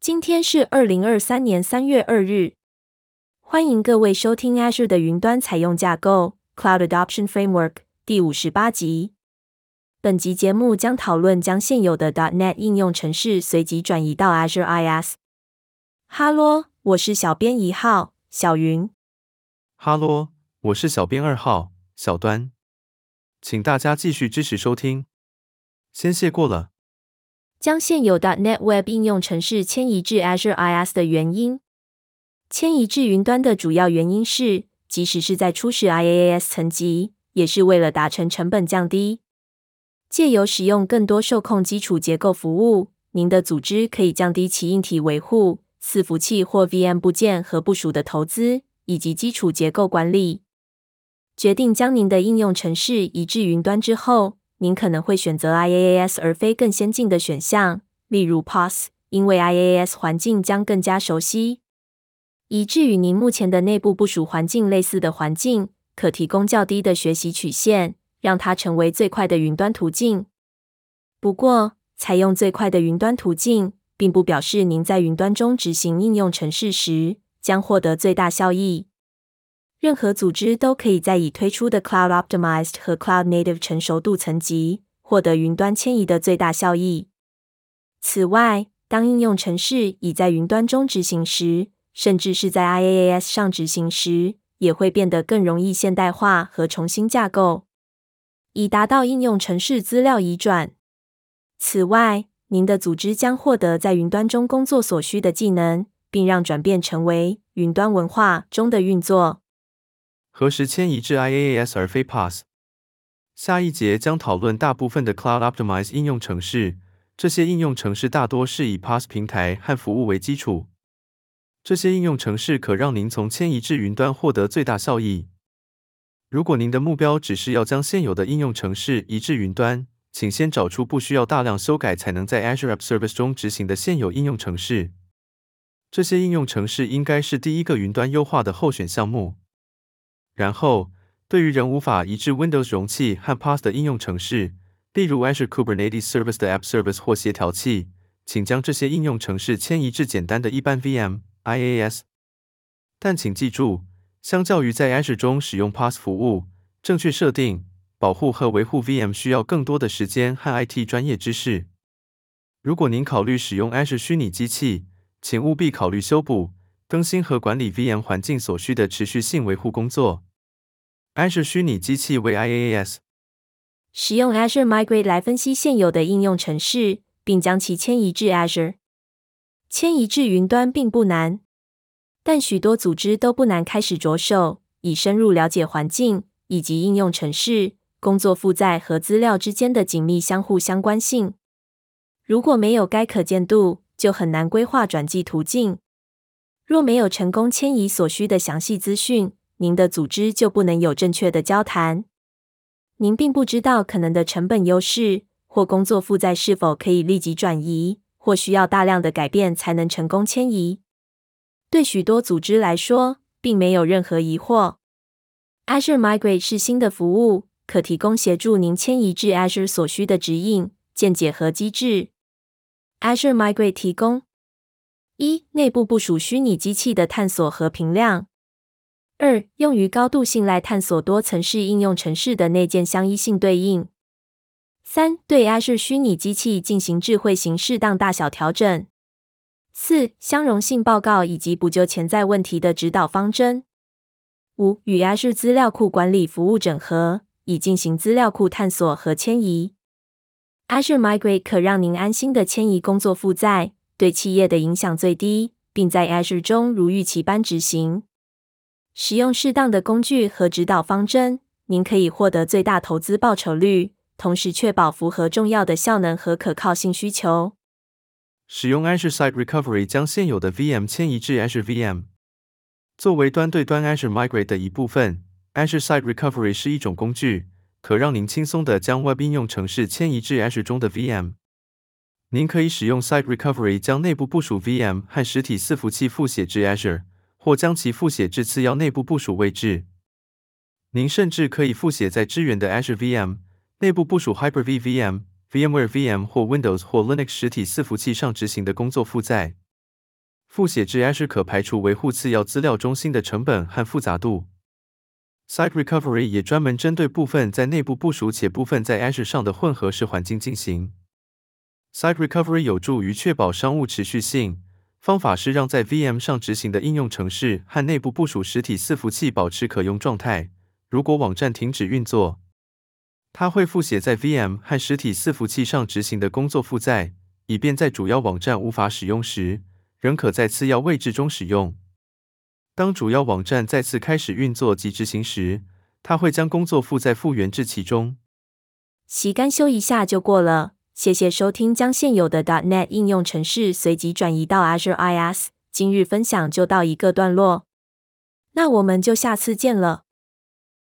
今天是二零二三年三月二日，歡迎各位收聽 Azure 的雲端採用架構 （Cloud Adoption Framework） 第五十八集。本集節目將討論將現有的 dot .NET 應用程式隨即轉移到 Azure IaaS。哈嘍，我是小編一號小雲。哈嘍，我是小編二號小端。請大家繼續支持收聽，先謝過了。將現有的 .NET Web 應用程式遷移至 Azure IaaS 的原因。遷移至雲端的主要原因是，即使是在初始 IaaS 層級，也是為了達成成本降低。借由使用更多受控基礎結構服務，您的組織可以降低其硬體維護、伺服器或 VM 部件和部署的投資，以及基礎結構管理。決定將您的應用程式移至雲端之後。您可能會選擇 IaaS 而非更先進的選項，例如 PaaS，因為 IaaS 環境將更加熟悉。以致於您目前的內部部署環境類似的環境，可提供較低的學習曲線，讓它成為最快的雲端途徑。不過，採用最快的雲端途徑，並不表示您在雲端中執行應用程式時將獲得最大效益。任何組織都可以在已推出的 Cloud Optimized 和 Cloud Native 成熟度層級獲得雲端遷移的最大效益。此外，當應用程式已在雲端中執行時，甚至是在 IaaS 上執行時，也會變得更容易現代化和重新架構，以達到應用程式資料移轉。此外，您的組織將獲得在雲端中工作所需的技能，並讓轉變成為雲端文化中的運作。何時遷移至 IaaS 而非 PaaS？下一節將討論大部分的 Cloud-Optimized 應用程式。這些應用程式大多是以 PaaS 平台和服務為基礎。這些應用程式可讓您從遷移至雲端獲得最大效益。如果您的目標只是要將現有的應用程式移至雲端，請先找出不需要大量修改才能在 Azure App Service 中執行的現有應用程式。這些應用程式應該是第一個雲端優化的候選項目。然後，對於仍無法移至 Windows 容器和 PaaS 的應用程式，例如 Azure Kubernetes Service 的 App Service 或協調器，請將這些應用程式遷移至簡單的一般 VM IaaS。但請記住，相較於在 Azure 中使用 PaaS 服務，正確設定、保護和維護 VM 需要更多的時間和 IT 專業知識。如果您考慮使用 Azure 虛擬機器，請務必考慮修補。更新和管理 VM 環境所需的持續性維護工作。Azure 虛擬機器為 IaaS。使用 Azure Migrate 來分析現有的應用程式，並將其遷移至 Azure。遷移至雲端並不難，但許多組織都不難開始着手，以深入了解環境以及應用程式、工作負載和資料之間的緊密相互相關性。如果沒有該可見度，就很難規劃轉寄途徑。若沒有成功遷移所需的詳細資訊，您的組織就不能有正確的交談。您並不知道可能的成本優勢或工作負載是否可以立即轉移，或需要大量的改變才能成功遷移。對許多組織來說，並沒有任何疑惑。Azure Migrate 是新的服務，可提供協助您遷移至 Azure 所需的指引、見解和機制。Azure Migrate 提供。一、內部部署虛擬機器的探索和評量；二、用於高度信賴探索多層式應用程式的內建相依性對應；三、對 Azure 虛擬機器進行智慧型適當大小調整；四、相容性報告以及補救潛在問題的指導方針；五、與 Azure 資料庫管理服務整合，以進行資料庫探索和遷移。Azure Migrate 可讓您安心的遷移工作負載。對企業的影響最低，並在 Azure 中如預期般執行。使用適當的工具和指導方針，您可以獲得最大投資報酬率，同時確保符合重要的效能和可靠性需求。使用 Azure Site Recovery 將現有的 VM 遷移至 Azure VM。作為端對端 Azure Migrate 的一部分，Azure Site Recovery 是一種工具，可讓您輕鬆地將 Web 應用程式遷移至 Azure 中的 VM。您可以使用 Site Recovery 將內部部署 VM 和實體伺服器複寫至 Azure，或將其複寫至次要內部部署位置。您甚至可以複寫在支援的 Azure VM 內部部署 Hyper-V VM、VMware VM 或 Windows 或 Linux 實體伺服器上執行的工作負載。複寫至 Azure 可排除維護次要資料中心的成本和複雜度。Site Recovery 也專門針對部分在內部部署且部分在 Azure 上的混合式環境進行。Site Recovery 有助於確保商務持續性。方法是讓在 VM 上執行的應用程式和內部部署實體伺服器保持可用狀態。如果網站停止運作，它會複寫在 VM 和實體伺服器上執行的工作負載，以便在主要網站無法使用時，仍可在次要位置中使用。當主要網站再次開始運作及執行時，它會將工作負載復原至其中。其干修一下就過了。謝謝收聽，將現有的 .NET 應用程式隨即轉移到 Azure IaaS，今日分享就到一個段落，那我們就下次見了。